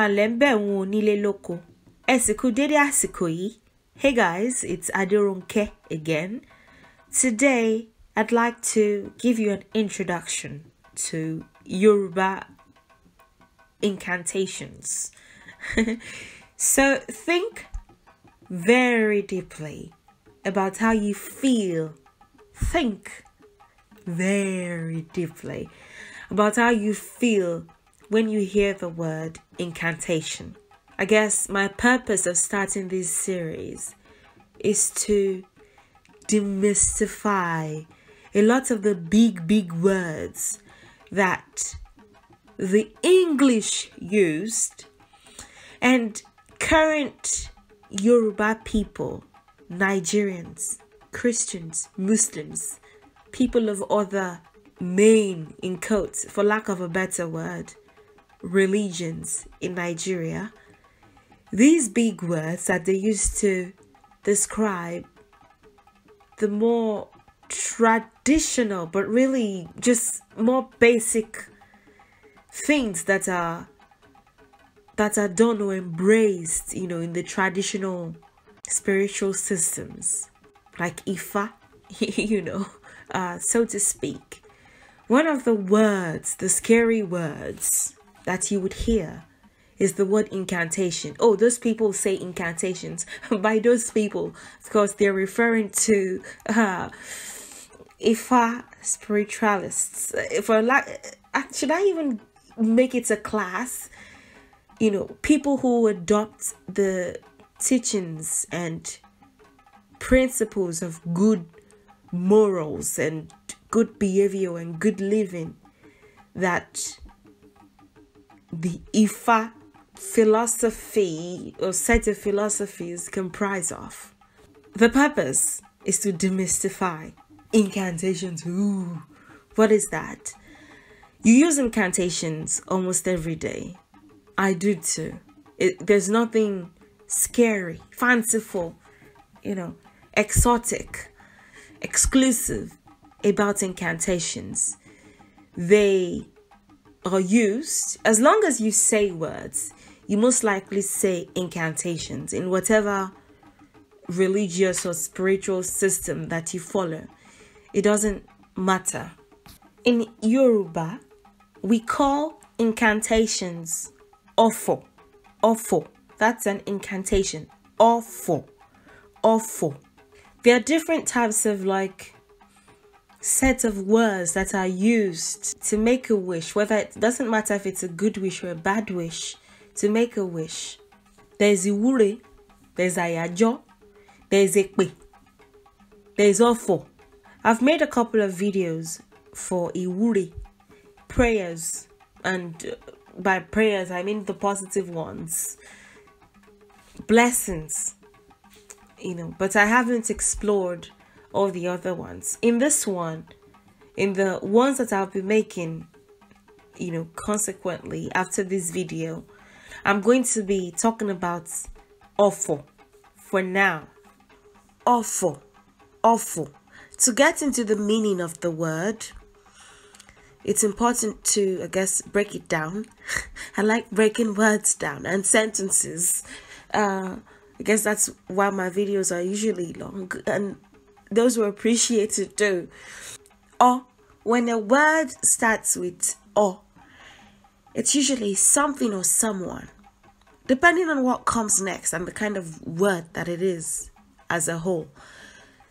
hey guys it's Aderonke again today I'd like to give you an introduction to Yoruba incantations so think very deeply about how you feel think very deeply about how you feel when you hear the word incantation. I guess my purpose of starting this series is to demystify a lot of the big, big words that the English used and current Yoruba people, Nigerians, Christians, Muslims, people of other main in quotes, for lack of a better word, religions in Nigeria. These big words that they used to describe the more traditional but really just more basic things that are that are done or embraced you know in the traditional spiritual systems like ifa you know uh, so to speak one of the words the scary words that you would hear is the word incantation. Oh, those people say incantations. By those people, because they're referring to uh, Ifa spiritualists. If I like, uh, should I even make it a class? You know, people who adopt the teachings and principles of good morals and good behavior and good living that the Ifa philosophy or set of philosophies comprise of. The purpose is to demystify incantations. Ooh, what is that? You use incantations almost every day. I do too. It, there's nothing scary, fanciful, you know, exotic, exclusive about incantations. They are used, as long as you say words, you most likely say incantations in whatever religious or spiritual system that you follow. It doesn't matter. In Yoruba, we call incantations "awful, awful." That's an incantation. "Awful, awful." There are different types of like set of words that are used to make a wish, whether it doesn't matter if it's a good wish or a bad wish, to make a wish. There's iwure, there's ayajo, there's ekpe, there's ofo. I've made a couple of videos for iwure, prayers, and uh, by prayers I mean the positive ones, blessings, you know, but I haven't explored or the other ones. In this one, in the ones that I'll be making, you know, consequently after this video, I'm going to be talking about awful for now. Awful, awful. To get into the meaning of the word, it's important to, I guess, break it down. I like breaking words down and sentences. Uh, I guess that's why my videos are usually long and those who appreciate it do. Or when a word starts with or, it's usually something or someone, depending on what comes next and the kind of word that it is as a whole.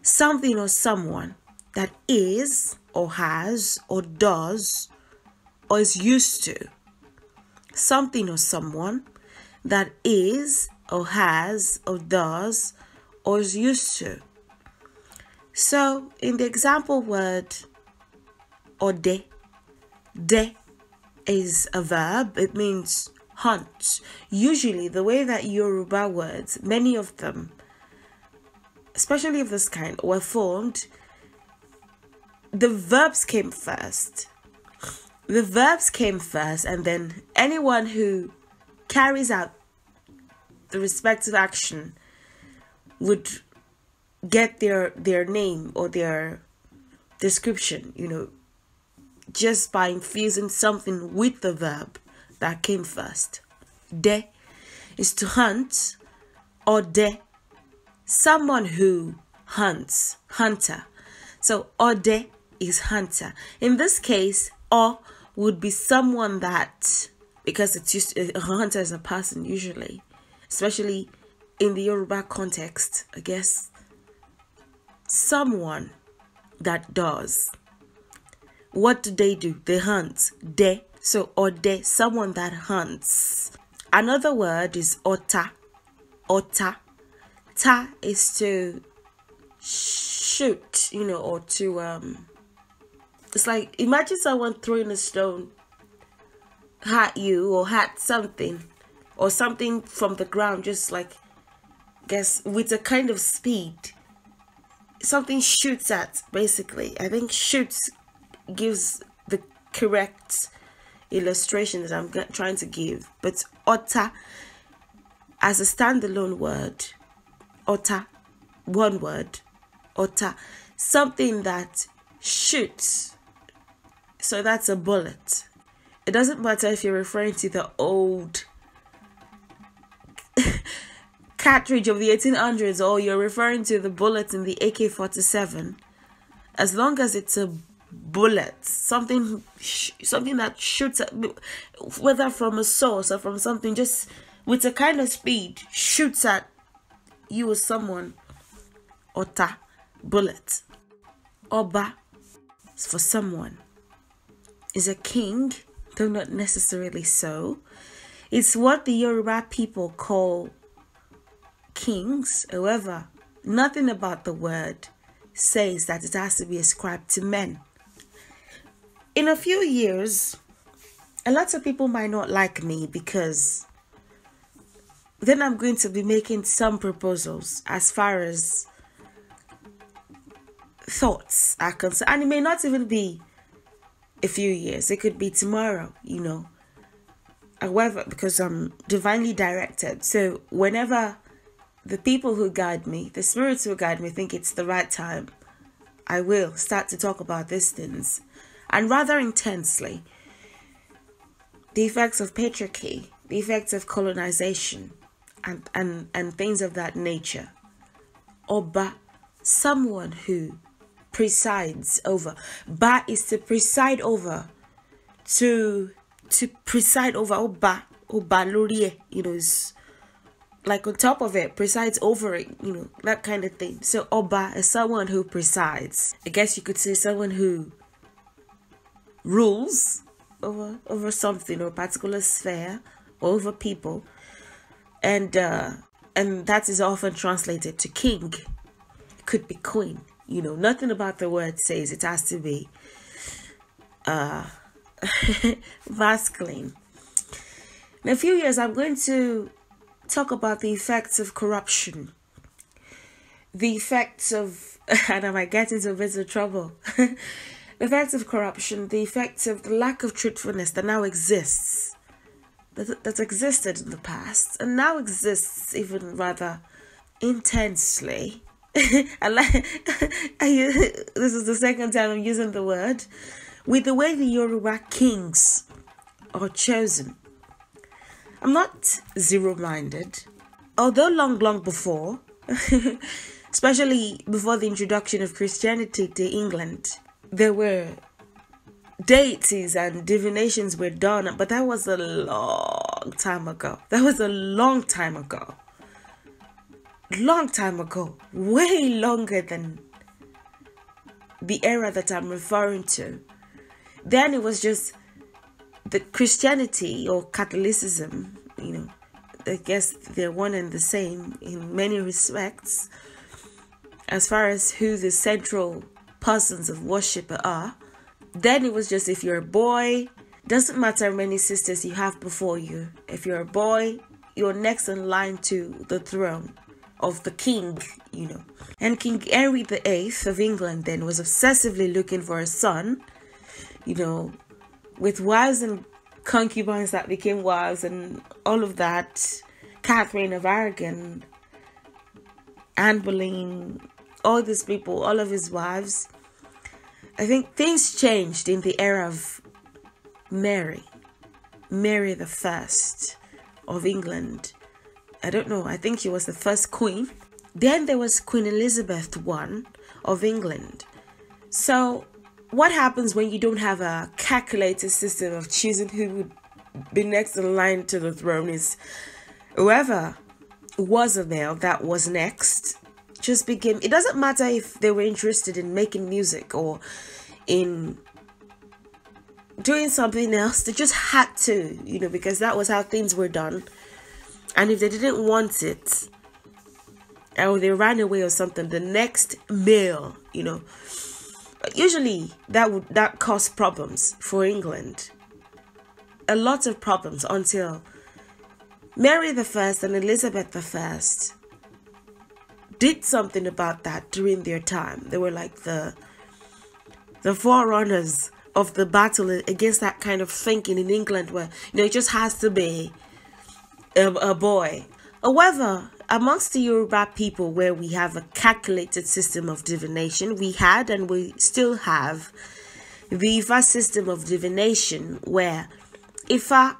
Something or someone that is or has or does or is used to. Something or someone that is or has or does or is used to. So in the example word ode, de is a verb. It means hunt. Usually the way that Yoruba words, many of them, especially of this kind, were formed, the verbs came first. The verbs came first and then anyone who carries out the respective action would get their their name or their description you know just by infusing something with the verb that came first de is to hunt or de someone who hunts hunter so ode is hunter in this case or would be someone that because it's just a hunter is a person usually especially in the Yoruba context, I guess someone that does. What do they do? They hunt. De. So de. someone that hunts. Another word is ota. Ota. Ta is to shoot, you know, or to um it's like imagine someone throwing a stone at you or at something or something from the ground just like guess with a kind of speed something shoots at basically. I think shoots gives the correct illustration that I'm trying to give. But otter as a standalone word, otter, one word, otter, something that shoots. So that's a bullet. It doesn't matter if you're referring to the old cartridge of the 1800s or you're referring to the bullet in the AK 47, as long as it's a bullet, something, something that shoots, at, whether from a source or from something, just with a kind of speed, shoots at you or someone, Ota, bullet, Oba, for someone. Is a king, though not necessarily so. It's what the Yoruba people call Kings, however, nothing about the word says that it has to be ascribed to men. In a few years, a lot of people might not like me because then I'm going to be making some proposals as far as thoughts are concerned. And it may not even be a few years, it could be tomorrow, you know. However, because I'm divinely directed. So whenever the people who guide me, the spirits who guide me, think it's the right time, I will start to talk about these things and rather intensely. The effects of patriarchy, the effects of colonization, and, and, and things of that nature. Oba, someone who presides over. Ba is to preside over, to to preside over. Oba, oba Lurie, you know, is like on top of it, presides over it, you know, that kind of thing. So Oba is someone who presides. I guess you could say someone who rules over over something or a particular sphere or over people. And uh and that is often translated to king. It could be queen. You know, nothing about the word says it has to be uh masculine. In a few years I'm going to talk about the effects of corruption, the effects of, and I might get into a bit of trouble, the effects of corruption, the effects of the lack of truthfulness that now exists, that, that existed in the past, and now exists even rather intensely. I like, this is the second time I'm using the word, with the way the Yoruba kings are chosen I'm not zero minded. Although long, long before, especially before the introduction of Christianity to England, there were deities and divinations were done, but that was a long time ago. That was a long time ago. Long time ago. Way longer than the era that I'm referring to. Then it was just the Christianity or Catholicism, you know, I guess they're one and the same in many respects, as far as who the central persons of worship are. Then it was just if you're a boy, doesn't matter how many sisters you have before you, if you're a boy, you're next in line to the throne of the king, you know. And King Henry VIII of England then was obsessively looking for a son, you know, with wives and concubines that became wives and all of that, Catherine of Aragon, Anne Boleyn, all these people, all of his wives, I think things changed in the era of Mary, Mary the First of England. I don't know, I think she was the first queen. Then there was Queen Elizabeth I of England. So what happens when you don't have a calculated system of choosing who would be next in line to the throne is whoever was a male that was next just became it doesn't matter if they were interested in making music or in doing something else they just had to you know because that was how things were done and if they didn't want it or they ran away or something the next male you know usually that would that caused problems for England. A lot of problems until Mary the First and Elizabeth the First did something about that during their time. They were like the the forerunners of the battle against that kind of thinking in England where you know it just has to be a, a boy. However, amongst the Yoruba people, where we have a calculated system of divination, we had and we still have the Ifa system of divination, where Ifa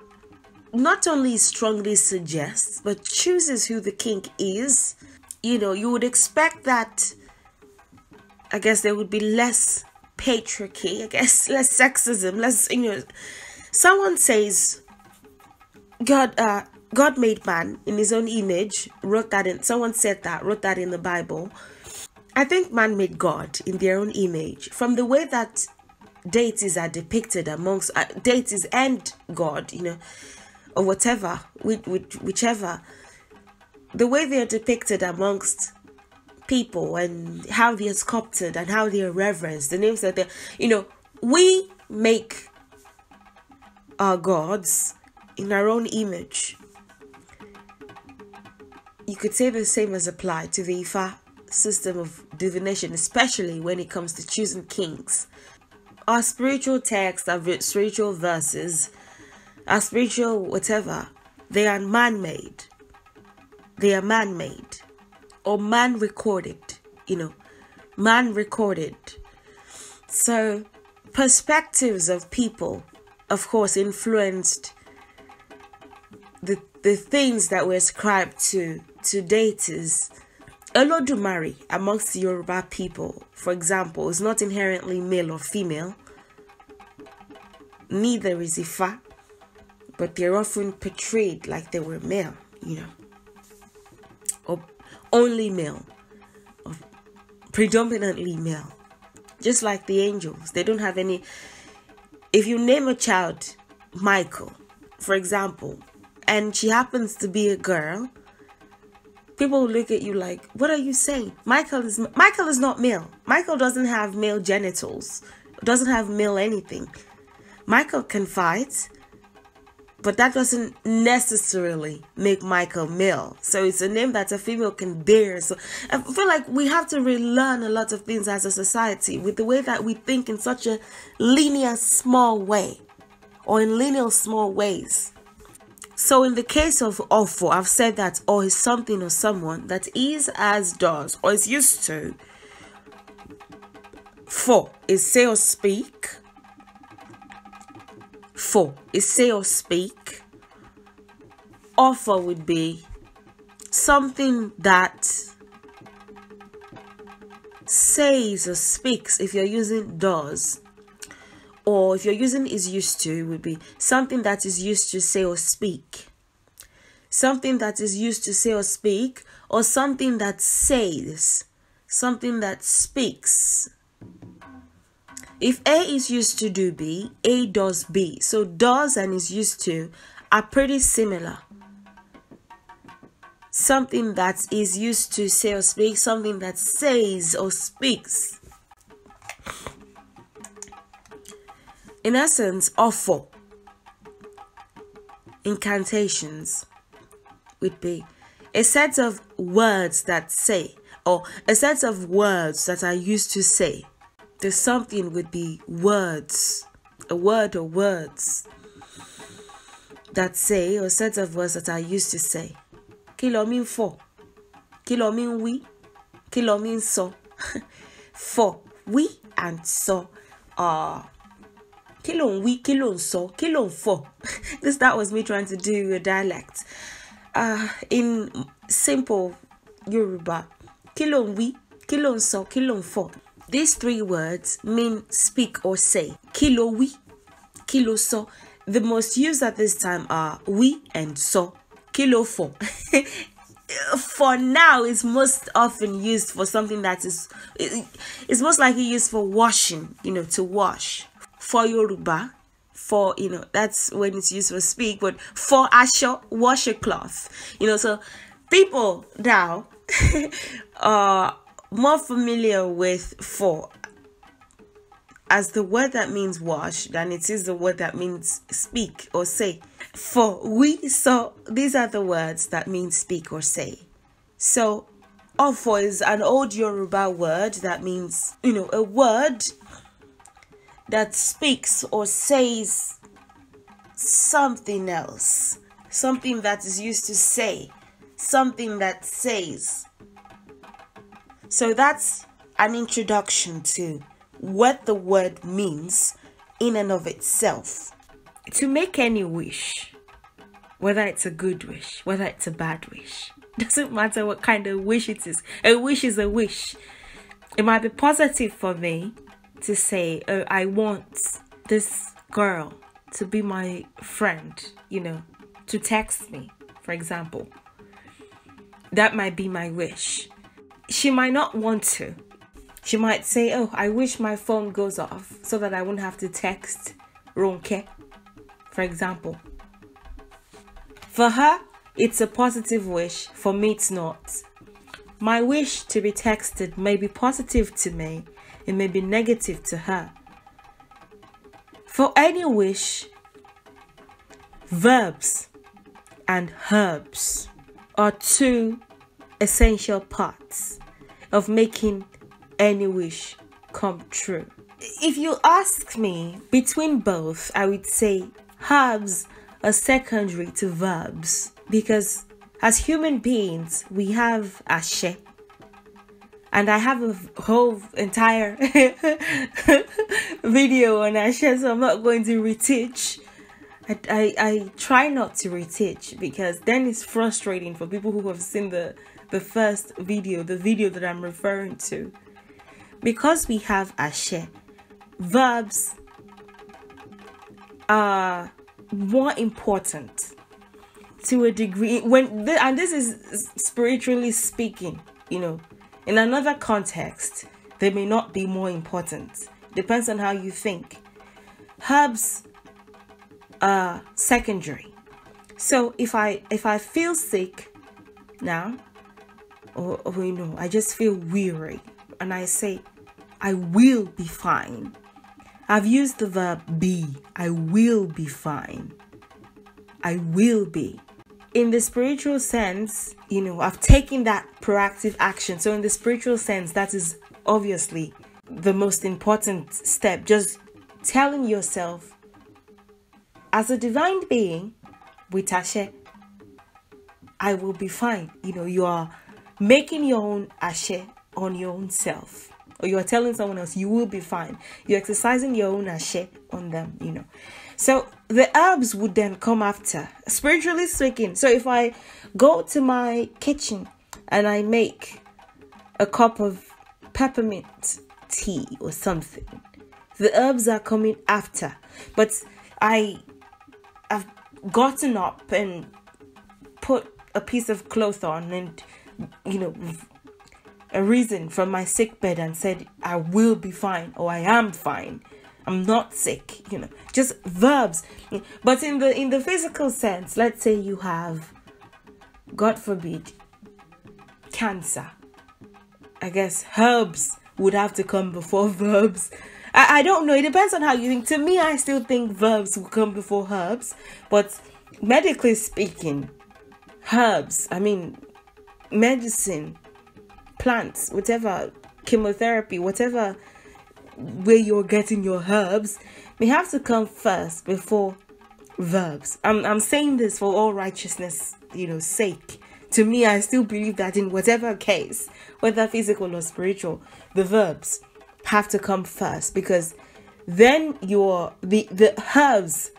not only strongly suggests but chooses who the king is. You know, you would expect that. I guess there would be less patriarchy. I guess less sexism. Less you know. Someone says, "God, uh, God made man in his own image, wrote that in, someone said that, wrote that in the Bible. I think man made God in their own image. From the way that deities are depicted amongst uh, deities and God, you know, or whatever, which, which, whichever, the way they are depicted amongst people and how they are sculpted and how they are reverenced, the names that they, you know, we make our gods in our own image you could say the same as applied to the Ifa system of divination, especially when it comes to choosing kings. Our spiritual texts, our spiritual verses, our spiritual whatever, they are man made. They are man made or man recorded, you know, man recorded. So, perspectives of people, of course, influenced the, the things that were ascribed to to date is amongst amongst Yoruba people, for example, is not inherently male or female. Neither is Ifa, but they're often portrayed like they were male, you know, or only male, or predominantly male. Just like the angels, they don't have any. If you name a child Michael, for example, and she happens to be a girl, people look at you like, what are you saying? Michael is Michael is not male. Michael doesn't have male genitals. Doesn't have male anything. Michael can fight, but that doesn't necessarily make Michael male. So it's a name that a female can bear. So I feel like we have to relearn a lot of things as a society with the way that we think in such a linear small way or in linear small ways. So, in the case of awful, I've said that or is something or someone that is as does or is used to. For is say or speak. For is say or speak. Offer would be something that says or speaks if you're using does or if you're using is used to, would be something that is used to say or speak. Something that is used to say or speak, or something that says, something that speaks. If A is used to do B, A does B. So does and is used to are pretty similar. Something that is used to say or speak, something that says or speaks. in essence, four incantations would be a set of words that say, or a set of words that are used to say. The something would be words, a word or words that say, or a set of words that are used to say. Kí ló mi ń fọ̀? sọ? for we and sọ are kí we ń sọ kí fọ this that was me trying to do a dialect uh, in simple Yoruba kí we ń sọ kí fọ these three words mean speak or say kilo we wí sọ the most used at this time are we and so kilo fọ for now it's most often used for something that is it's most likely used for washing you know to wash for Yoruba, for you know that's when it's used for speak, but for Asho a cloth. You know, so people now are more familiar with for as the word that means wash than it is the word that means speak or say. For we so these are the words that mean speak or say. So ofo is an old Yoruba word that means, you know, a word that speaks or says something else, something that is used to say, something that says. So that's an introduction to what the word means in and of itself. To make any wish, whether it's a good wish, whether it's a bad wish, doesn't matter what kind of wish it is, a wish is a wish. It might be positive for me, to say, oh, I want this girl to be my friend, you know, to text me, for example. That might be my wish. She might not want to. She might say, Oh, I wish my phone goes off so that I won't have to text Ronke, for example. For her, it's a positive wish. For me, it's not. My wish to be texted may be positive to me, it may be negative to her. For any wish, verbs and herbs are two essential parts of making any wish come true. If you ask me between both, I would say herbs are secondary to verbs because as human beings, we have a shape and I have a whole entire video on Asha, so I'm not going to reteach. I, I, I try not to reteach because then it's frustrating for people who have seen the, the first video, the video that I'm referring to. Because we have Ashe, verbs are more important to a degree when and this is spiritually speaking you know in another context, they may not be more important. Depends on how you think. Herbs are secondary. So if I if I feel sick now, or, or you know, I just feel weary, and I say, I will be fine. I've used the verb be. I will be fine. I will be in the spiritual sense, you know, I've taken that proactive action. So, in the spiritual sense, that is obviously the most important step. Just telling yourself, as a divine being, Witashe, I will be fine. You know, you are making your own ashe on your own self. Or you are telling someone else, you will be fine. You're exercising your own ashe on them, you know. So the herbs would then come after, spiritually speaking. So if I go to my kitchen and I make a cup of peppermint tea or something, the herbs are coming after. But I have gotten up and put a piece of cloth on and, you know, a reason from my sick bed and said, I will be fine or I am fine. I'm not sick, you know, just verbs. But in the in the physical sense, let's say you have, God forbid, cancer. I guess herbs would have to come before verbs. I, I don't know. It depends on how you think. To me, I still think verbs will come before herbs. But medically speaking, herbs, I mean, medicine, plants, whatever, chemotherapy, whatever where you're getting your herbs may have to come first before verbs. I'm, I'm saying this for all righteousness, you know, sake. To me, I still believe that in whatever case, whether physical or spiritual, the verbs have to come first because then your the the herbs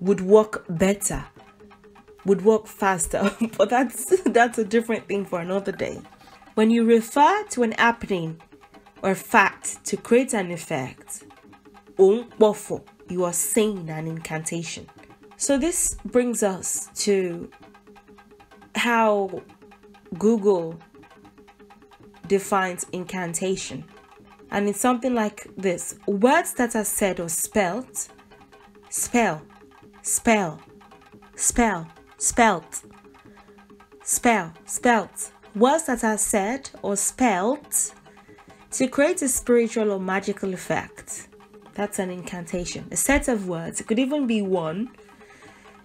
would work better, would work faster. but that's that's a different thing for another day. When you refer to an happening or fact to create an effect. Ongbofo, you are saying an incantation. So this brings us to how Google defines incantation. And it's something like this words that are said or spelt, spell, spell, spell, spelt, spell, spelt. Words that are said or spelt to create a spiritual or magical effect, that's an incantation. A set of words, it could even be one.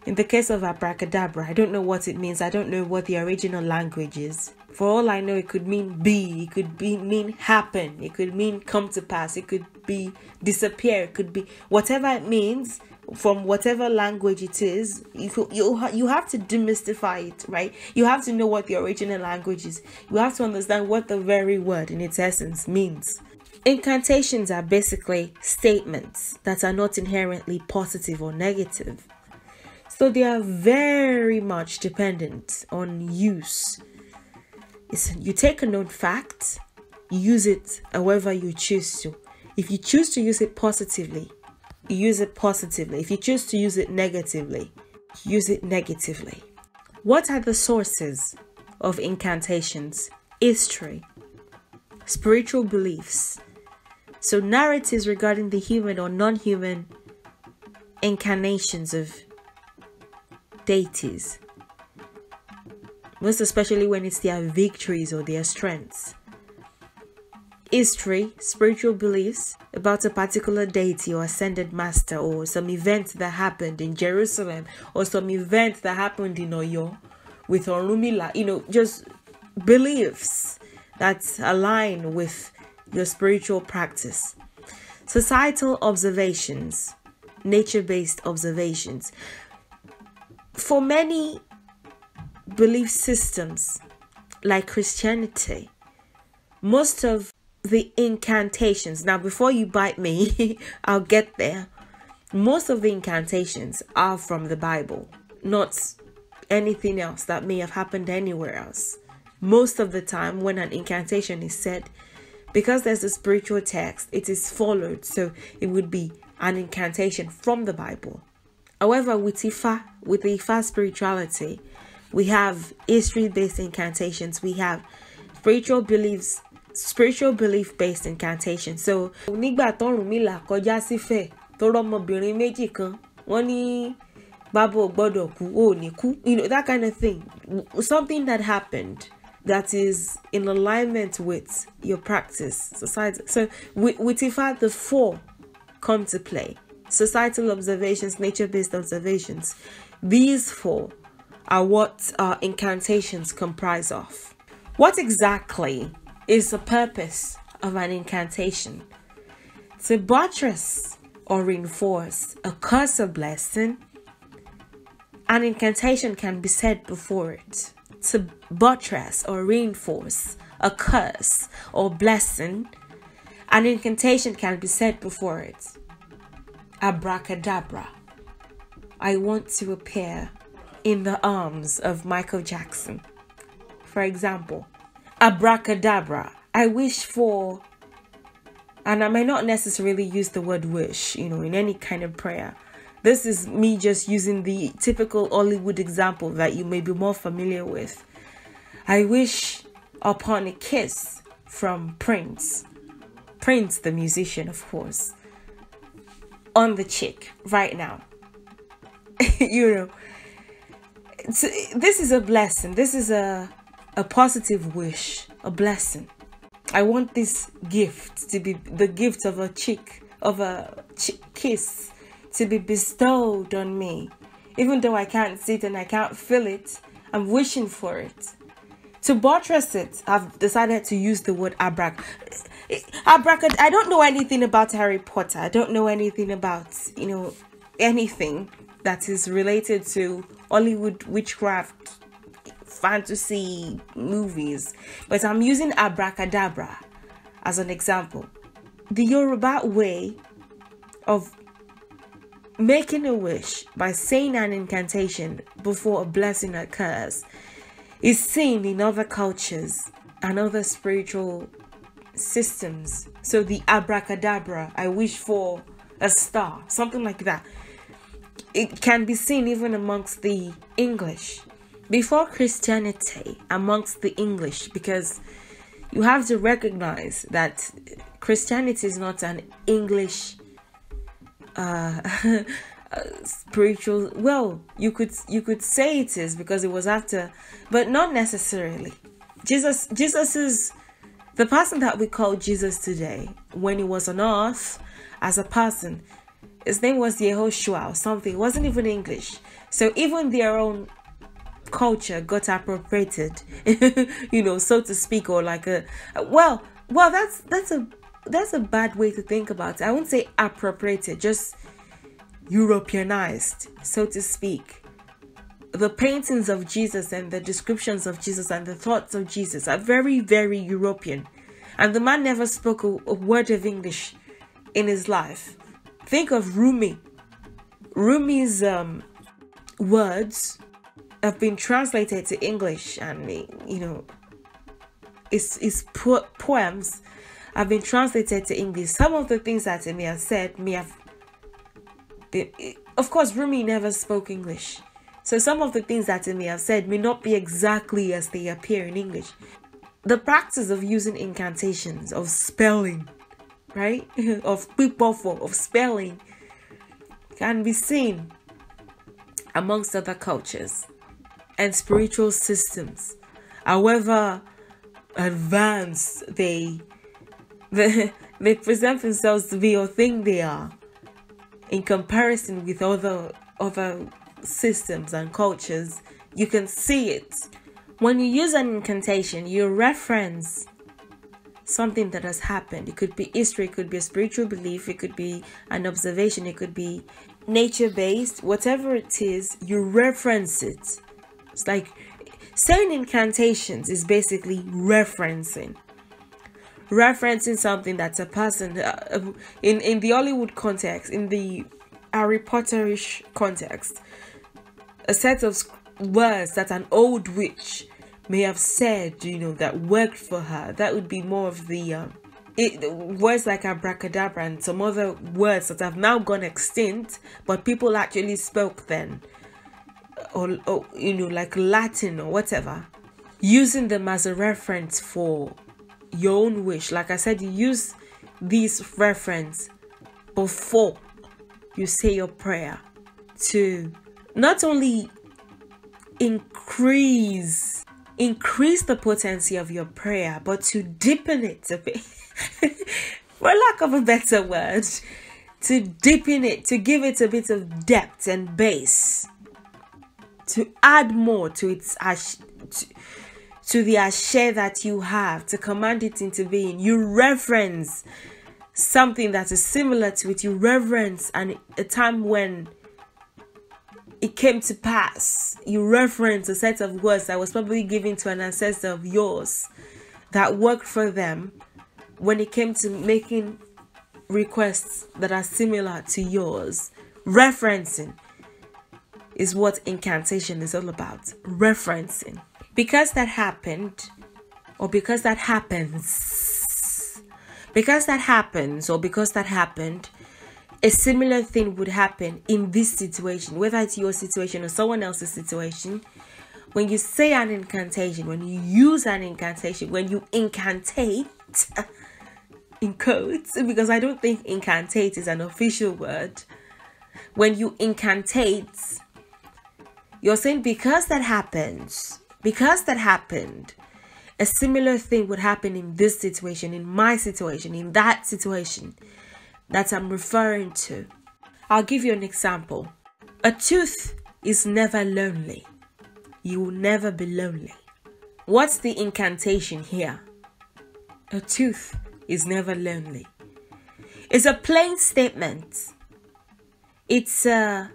In the case of abracadabra, I don't know what it means. I don't know what the original language is. For all I know, it could mean be, it could be mean happen, it could mean come to pass, it could be disappear, it could be whatever it means from whatever language it is you you you have to demystify it right you have to know what the original language is you have to understand what the very word in its essence means incantations are basically statements that are not inherently positive or negative so they are very much dependent on use it's, you take a known fact use it however you choose to if you choose to use it positively use it positively. If you choose to use it negatively, use it negatively. What are the sources of incantations? History, spiritual beliefs. So, narratives regarding the human or non human incarnations of deities. Most especially when it's their victories or their strengths history, spiritual beliefs about a particular deity or ascended master or some event that happened in Jerusalem or some event that happened in Oyo with Orumila, you know, just beliefs that align with your spiritual practice. Societal observations, nature based observations. For many belief systems like Christianity, most of the incantations. Now, before you bite me, I'll get there. Most of the incantations are from the Bible, not anything else that may have happened anywhere else. Most of the time, when an incantation is said, because there's a spiritual text, it is followed. So it would be an incantation from the Bible. However, with Ifa, with the Ifa spirituality, we have history-based incantations. We have spiritual beliefs spiritual belief based incantation so nígbà tọ́rùnmìlà kọjá sífẹ̀ tó rọ́mọbìnrin méjì kan wọ́n ní bàbá gbọ́dọ̀ kú ò ní kú you know that kind of thing something that happened that is in alignment with your practice society so with, if the four come to play societal observations nature-based observations these four are what uh, incantations comprise of what exactly is the purpose of an incantation to buttress or reinforce a curse or blessing. An incantation can be said before it to buttress or reinforce a curse or blessing. An incantation can be said before it. Abracadabra. I want to appear in the arms of Michael Jackson. For example, abracadabra. I wish for, and I may not necessarily use the word wish, you know, in any kind of prayer. This is me just using the typical Hollywood example that you may be more familiar with. I wish upon a kiss from Prince. Prince, the musician, of course. On the cheek right now. you know, it's, this is a blessing. This is a a positive wish, a blessing. I want this gift to be the gift of a cheek, of a cheek kiss to be bestowed on me. Even though I can't see it and I can't feel it, I'm wishing for it. To buttress it, I've decided to use the word abrac. I don't know anything about Harry Potter. I don't know anything about, you know, anything that is related to Hollywood witchcraft fantasy movies, but I'm using abracadabra as an example. The Yoruba way of making a wish by saying an incantation before a blessing occurs is seen in other cultures and other spiritual systems. So the abracadabra, I wish for a star, something like that. It can be seen even amongst the English before Christianity amongst the English because you have to recognize that Christianity is not an English uh, uh, spiritual. Well, you could you could say it is because it was after, but not necessarily. Jesus Jesus is the person that we call Jesus today. When he was on earth as a person, his name was Yehoshua or something. It wasn't even English. So even their own culture got appropriated, you know, so to speak, or like a well, well, that's that's a that's a bad way to think about it. I wouldn't say appropriated, just Europeanized, so to speak. The paintings of Jesus and the descriptions of Jesus and the thoughts of Jesus are very, very European. And the man never spoke a, a word of English in his life. Think of Rumi. Rumi's um, words have been translated to English and you know it's it's po- poems have been translated to English. Some of the things that may have said may have been, of course, Rumi never spoke English, so some of the things that may have said may not be exactly as they appear in English. The practice of using incantations, of spelling, right, of pipofo, of spelling, can be seen amongst other cultures and spiritual systems, however advanced they, they, they present themselves to be or think they are, in comparison with other, other systems and cultures, you can see it. When you use an incantation, you reference something that has happened. It could be history, it could be a spiritual belief, it could be an observation, it could be nature based, whatever it is, you reference it. It's like saying incantations is basically referencing referencing something that's a person uh, uh, in in the Hollywood context, in the Harry Potterish context, a set of words that an old witch may have said, you know, that worked for her. That would be more of the um, it, words like abracadabra and some other words that have now gone extinct, but people actually spoke then or, or you know like Latin or whatever, using them as a reference for your own wish. Like I said, use these reference before you say your prayer to not only increase increase the potency of your prayer but to deepen it a bit for lack of a better word to deepen it to give it a bit of depth and base to add more to its ash, to, to the share that you have, to command it into being. You reverence something that is similar to it. You reverence and a time when it came to pass. You reference a set of words that was probably given to an ancestor of yours that worked for them when it came to making requests that are similar to yours. Referencing is what incantation is all about referencing. Because that happened, or because that happens, because that happens, or because that happened, a similar thing would happen in this situation, whether it's your situation or someone else's situation. When you say an incantation, when you use an incantation, when you incantate, in quotes, because I don't think incantate is an official word. When you incantate, you're saying because that happens, because that happened, a similar thing would happen in this situation, in my situation, in that situation that I'm referring to. I'll give you an example. A tooth is never lonely. You will never be lonely. What's the incantation here? A tooth is never lonely. It's a plain statement. It's a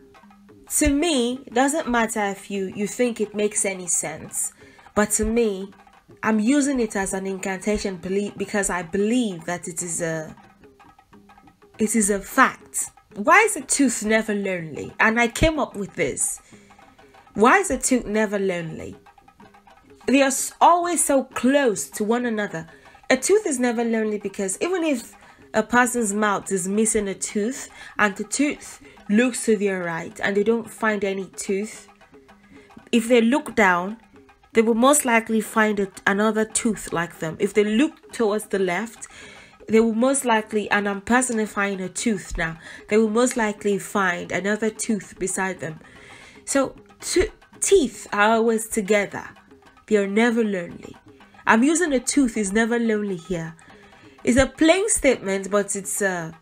to me, it doesn't matter if you, you think it makes any sense, but to me, I'm using it as an incantation because I believe that it is a it is a fact. Why is a tooth never lonely? And I came up with this. Why is a tooth never lonely? They are always so close to one another. A tooth is never lonely because even if a person's mouth is missing a tooth and the tooth looks to their right and they don't find any tooth, if they look down, they will most likely find a, another tooth like them. If they look towards the left, they will most likely, and I'm personifying a tooth now, they will most likely find another tooth beside them. So to, teeth are always together, they are never lonely. I'm using a tooth is never lonely here it's a plain statement, but it's uh,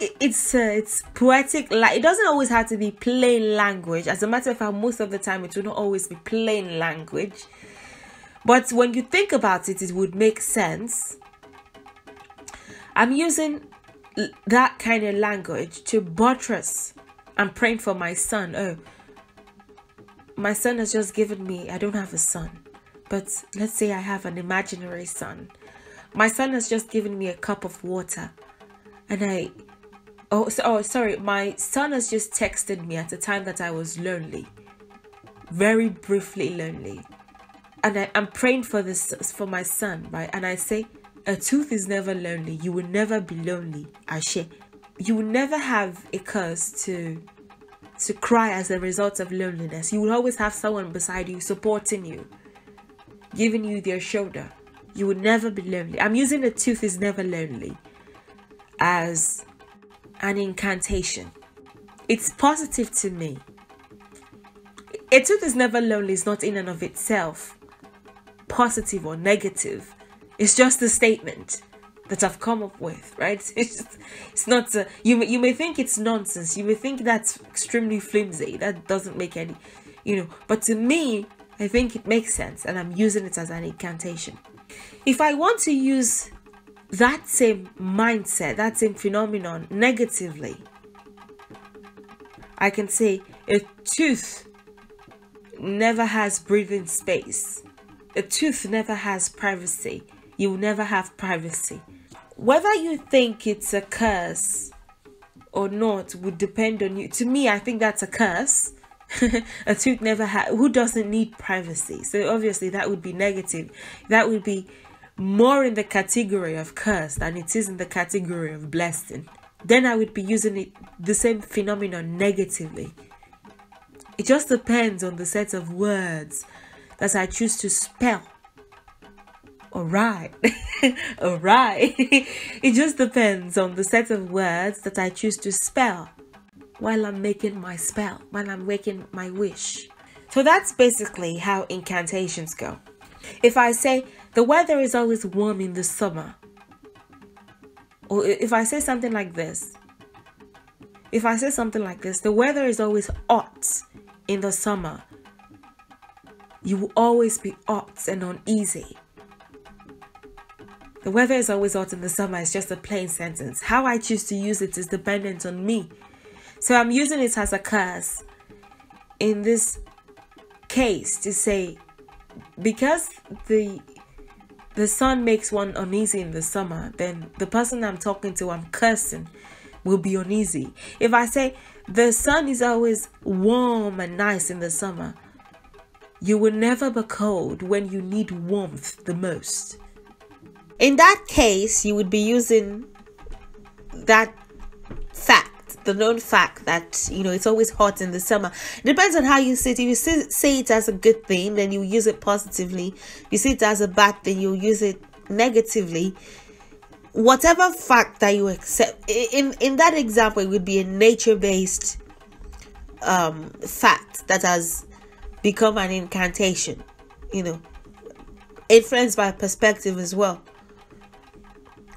it's uh, it's poetic like it doesn't always have to be plain language as a matter of fact most of the time it will not always be plain language but when you think about it it would make sense i'm using that kind of language to buttress i'm praying for my son oh my son has just given me i don't have a son but let's say i have an imaginary son my son has just given me a cup of water, and I. Oh, so, oh, sorry. My son has just texted me at a time that I was lonely, very briefly lonely, and I, am praying for this for my son, right? And I say, a tooth is never lonely. You will never be lonely, Ashe. You will never have a curse to to cry as a result of loneliness. You will always have someone beside you supporting you, giving you their shoulder. You will never be lonely. I'm using the tooth is never lonely as an incantation. It's positive to me. A tooth is never lonely is not in and of itself positive or negative. It's just a statement that I've come up with, right? It's, just, it's not, a, uh, you, may, you may think it's nonsense. You may think that's extremely flimsy. That doesn't make any, you know, but to me, I think it makes sense and I'm using it as an incantation. If I want to use that same mindset, that same phenomenon negatively, I can say a tooth never has breathing space. A tooth never has privacy. You will never have privacy. Whether you think it's a curse or not would depend on you. To me, I think that's a curse. a tooth never had who doesn't need privacy so obviously that would be negative that would be more in the category of curse than it is in the category of blessing, then I would be using it, the same phenomenon negatively. It just depends on the set of words that I choose to spell. Alright, alright. it just depends on the set of words that I choose to spell while I'm making my spell, while I'm making my wish. So that's basically how incantations go. If I say the weather is always warm in the summer, or if I say something like this, if I say something like this, the weather is always hot in the summer. You will always be hot and uneasy. The weather is always hot in the summer. It's just a plain sentence. How I choose to use it is dependent on me. So I'm using it as a curse in this case to say because the the sun makes one uneasy in the summer, then the person I'm talking to, I'm cursing, will be uneasy. If I say the sun is always warm and nice in the summer, you will never be cold when you need warmth the most. In that case, you would be using that fact the known fact that you know it's always hot in the summer. It depends on how you see it. If you see, see it as a good thing, then you use it positively. If you see it as a bad thing, you use it negatively. Whatever fact that you accept in in that example, it would be a nature based um, fact that has become an incantation. You know, influenced by perspective as well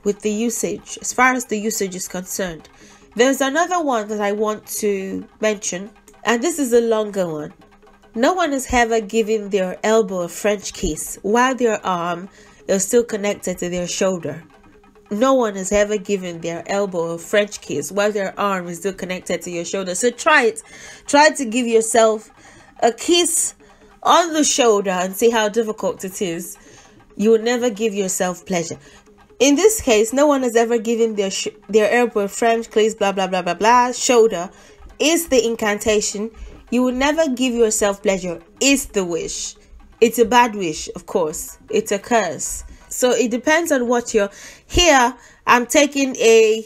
with the usage as far as the usage is concerned there's another one that I want to mention, and this is a longer one. No one has ever given their elbow a French kiss while their arm is still connected to their shoulder. No one has ever given their elbow a French kiss while their arm is still connected to your shoulder. So try it. Try to give yourself a kiss on the shoulder and see how difficult it is. You will never give yourself pleasure. In this case, no one has ever given their their elbow French please, blah blah blah blah blah shoulder is the incantation. You will never give yourself pleasure. Is the wish. It's a bad wish, of course. It's a curse. So it depends on what you're here. I'm taking a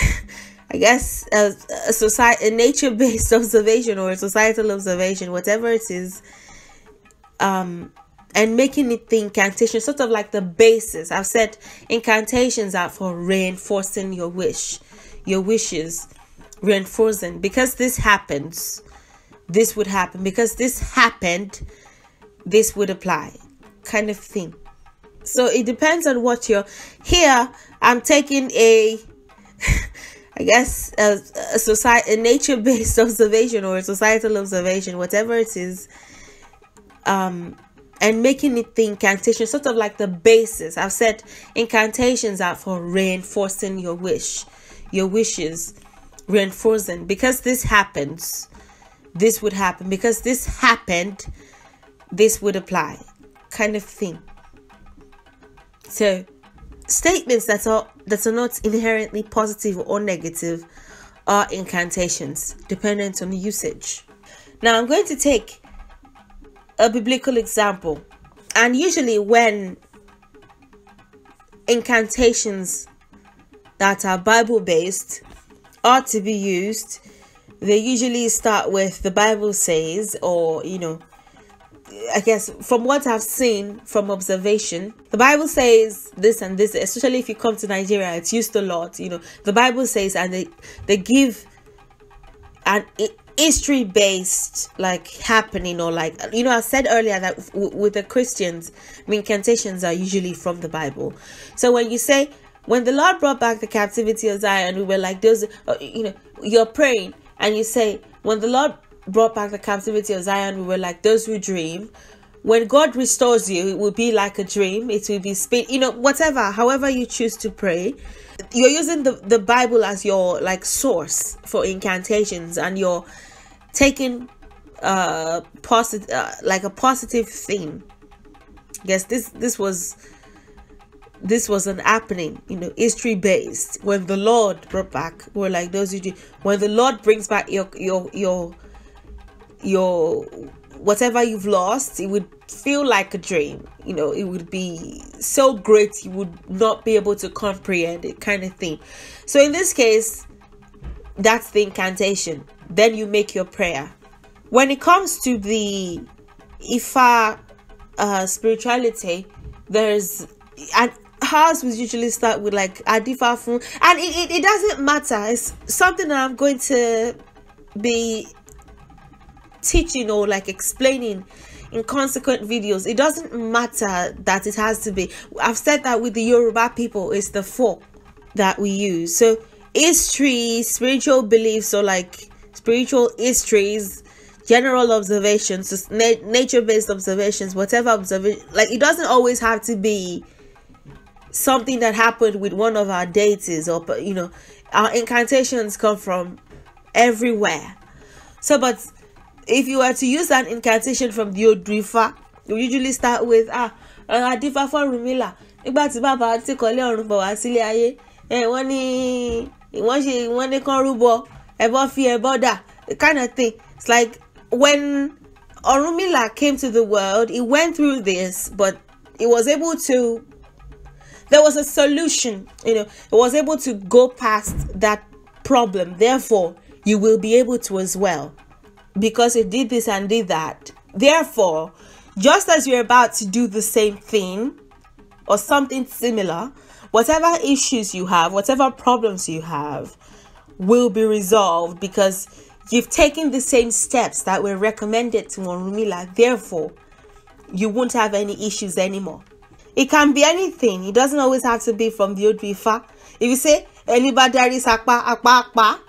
I guess a, a society a nature based observation or a societal observation, whatever it is. Um and making it the incantation, sort of like the basis. I've said incantations are for reinforcing your wish, your wishes, reinforcing because this happens, this would happen because this happened, this would apply, kind of thing. So it depends on what you're here. I'm taking a, I guess, a, a society, a nature-based observation or a societal observation, whatever it is. Um, and making it the incantation, sort of like the basis. I've said incantations are for reinforcing your wish, your wishes, reinforcing because this happens, this would happen, because this happened, this would apply, kind of thing. So, statements that are that are not inherently positive or negative are incantations, dependent on the usage. Now, I'm going to take a biblical example. And usually, when incantations that are Bible based are to be used, they usually start with the Bible says, or you know, I guess from what I've seen from observation, the Bible says this and this, especially if you come to Nigeria, it's used a lot. You know, the Bible says, and they, they give an history based like happening or like you know i said earlier that w- with the christians I mean, incantations are usually from the bible so when you say when the lord brought back the captivity of zion we were like those uh, you know you're praying and you say when the lord brought back the captivity of zion we were like those who dream when god restores you it will be like a dream it will be speed you know whatever however you choose to pray you're using the, the bible as your like source for incantations and your taking uh positive uh, like a positive thing yes this this was this was an happening you know history based when the lord brought back we're like those you. do when the lord brings back your your your your whatever you've lost it would feel like a dream you know it would be so great you would not be able to comprehend it kind of thing so in this case that's the incantation then you make your prayer. When it comes to the Ifa uh, spirituality, there's and ours would usually start with like Adifa Fun, and it, it, it doesn't matter. It's something that I'm going to be teaching or like explaining in consequent videos. It doesn't matter that it has to be. I've said that with the Yoruba people, it's the four that we use. So history, spiritual beliefs, or like spiritual histories general observations na- nature-based observations whatever observation like it doesn't always have to be something that happened with one of our deities or you know our incantations come from everywhere so but if you were to use an incantation from the Odrifa, you usually start with ah adifa for rumila nígbà tí bàbá ti kọ́lé ọ̀run bọ̀ wá sílé ayé ẹ̀ wọ́n ní wọ́n ṣe wọ́n ní kán rúbọ about fear, about that kind of thing. It's like when Orumila came to the world, he went through this, but he was able to. There was a solution, you know. He was able to go past that problem. Therefore, you will be able to as well, because he did this and did that. Therefore, just as you're about to do the same thing or something similar, whatever issues you have, whatever problems you have, will be resolved because you've taken the same steps that were recommended to Monrumila. Therefore, you won't have any issues anymore. It can be anything. It doesn't always have to be from the Odwifa. If you say, anybody is akpa, akpa, akpa,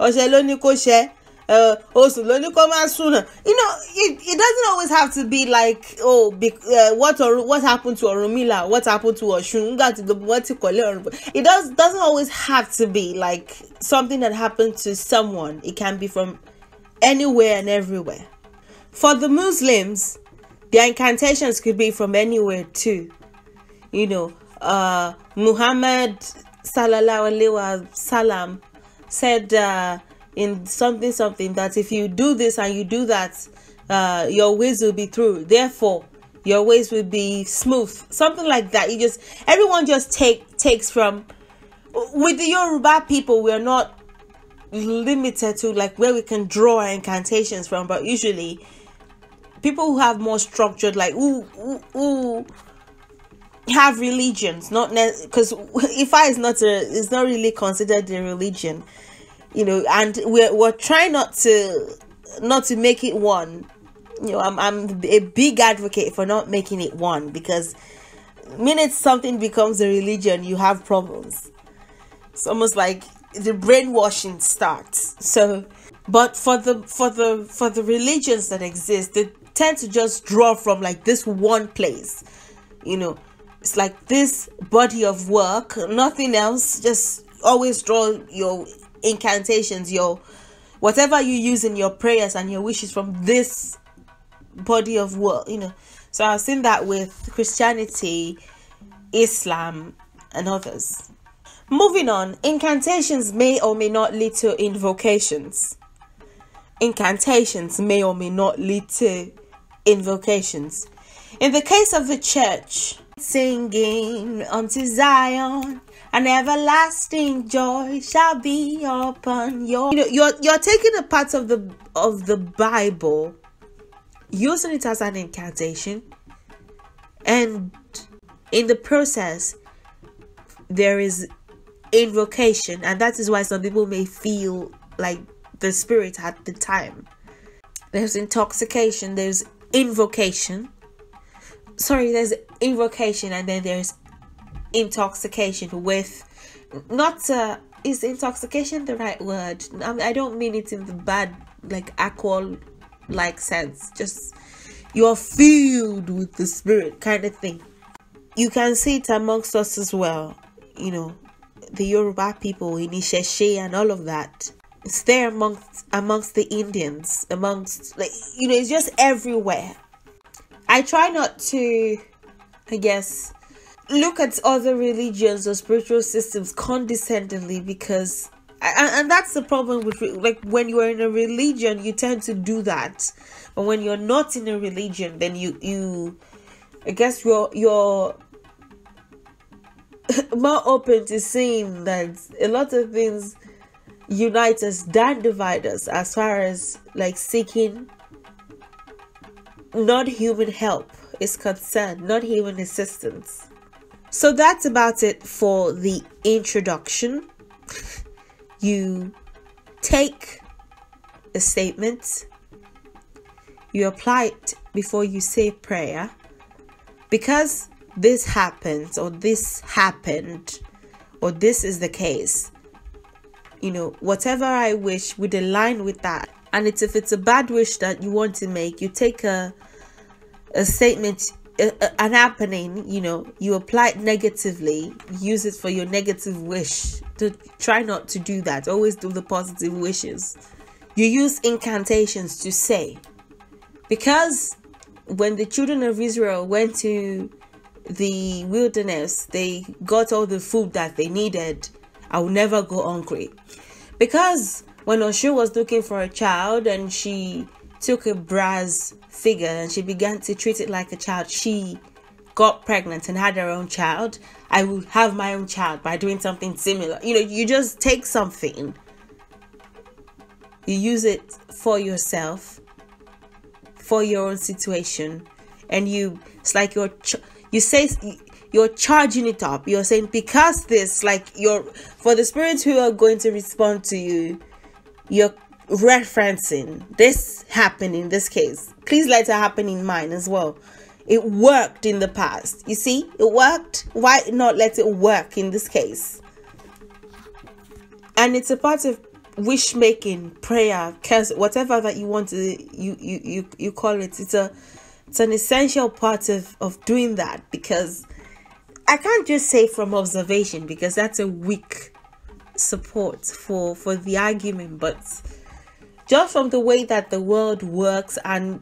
Osheloni koshe, uh, let me come out sooner. you know it, it doesn't always have to be like oh be, uh, what or, what happened to Orunmila what happened to Ọ̀ṣun nígbà tí gbogbo wọn it does, doesn't always have to be like something that happened to someone it can be from anywhere and everywhere for the Muslims their incantations could be from anywhere too you know uh, Muhammad sallallahu alaihi wasallam said uh, in something something that if you do this and you do that uh, your ways will be through therefore your ways will be smooth something like that you just everyone just take takes from with the yoruba people we're not limited to like where we can draw incantations from but usually people who have more structured like ooh ooh, ooh have religions not because ne- ifa is not a is not really considered a religion you know and we're, we're trying not to not to make it one you know I'm, I'm a big advocate for not making it one because minute something becomes a religion you have problems it's almost like the brainwashing starts so but for the for the for the religions that exist they tend to just draw from like this one place you know it's like this body of work nothing else just always draw your incantations, your whatever you use in your prayers and your wishes from this body of work, you know. So I've seen that with Christianity, Islam, and others. Moving on, incantations may or may not lead to invocations. Incantations may or may not lead to invocations. In the case of the church, singing unto Zion, an everlasting joy shall be upon your you know you're you're taking a part of the of the bible using it as an incantation and in the process there is invocation and that is why some people may feel like the spirit at the time there's intoxication there's invocation sorry there's invocation and then there's intoxication with not uh, is intoxication the right word i don't mean it in the bad like alcohol like sense just you're filled with the spirit kind of thing you can see it amongst us as well you know the yoruba people in isheshe and all of that it's there amongst amongst the indians amongst like you know it's just everywhere i try not to i guess look at other religions or spiritual systems condescendingly because and, and that's the problem with like when you are in a religion you tend to do that but when you're not in a religion then you you i guess you're you're more open to seeing that a lot of things unite us than divide us as far as like seeking non-human help is concerned, not human assistance. So that's about it for the introduction. you take a statement, you apply it before you say prayer. Because this happens, or this happened, or this is the case, you know, whatever I wish would align with that. And it's if it's a bad wish that you want to make, you take a a statement an happening, you know, you apply it negatively, use it for your negative wish. To try not to do that. Always do the positive wishes. You use incantations to say, because when the children of Israel went to the wilderness, they got all the food that they needed. I will never go hungry, because when Oshu was looking for a child and she took a brass figure and she began to treat it like a child. She got pregnant and had her own child. I will have my own child by doing something similar. You know, you just take something, you use it for yourself, for your own situation, and you, it's like you're, you say, you're charging it up. You're saying, because this, like, you're, for the spirits who are going to respond to you, you're referencing this happened in this case. Please let it happen in mine as well. It worked in the past. You see, it worked. Why not let it work in this case? And it's a part of wish making, prayer, curse, whatever that you want to you you you, you call it. It's a it's an essential part of, of doing that because I can't just say from observation because that's a weak support for for the argument, but just from the way that the world works and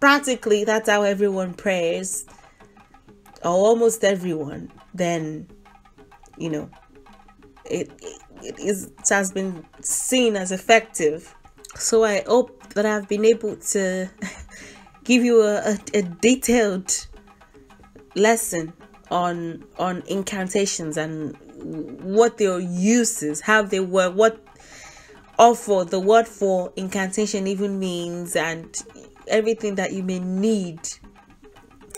practically that's how everyone prays or almost everyone then you know it, it is it has been seen as effective so i hope that i've been able to give you a, a, a detailed lesson on on incantations and what their uses how they work what all for the word for incantation even means and everything that you may need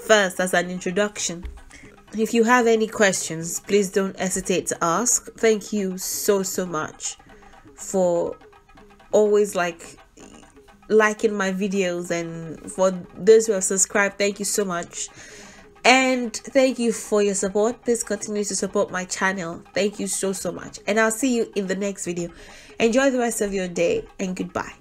first as an introduction if you have any questions please don't hesitate to ask thank you so so much for always like liking my videos and for those who have subscribed thank you so much and thank you for your support please continue to support my channel thank you so so much and i'll see you in the next video Enjoy the rest of your day and goodbye.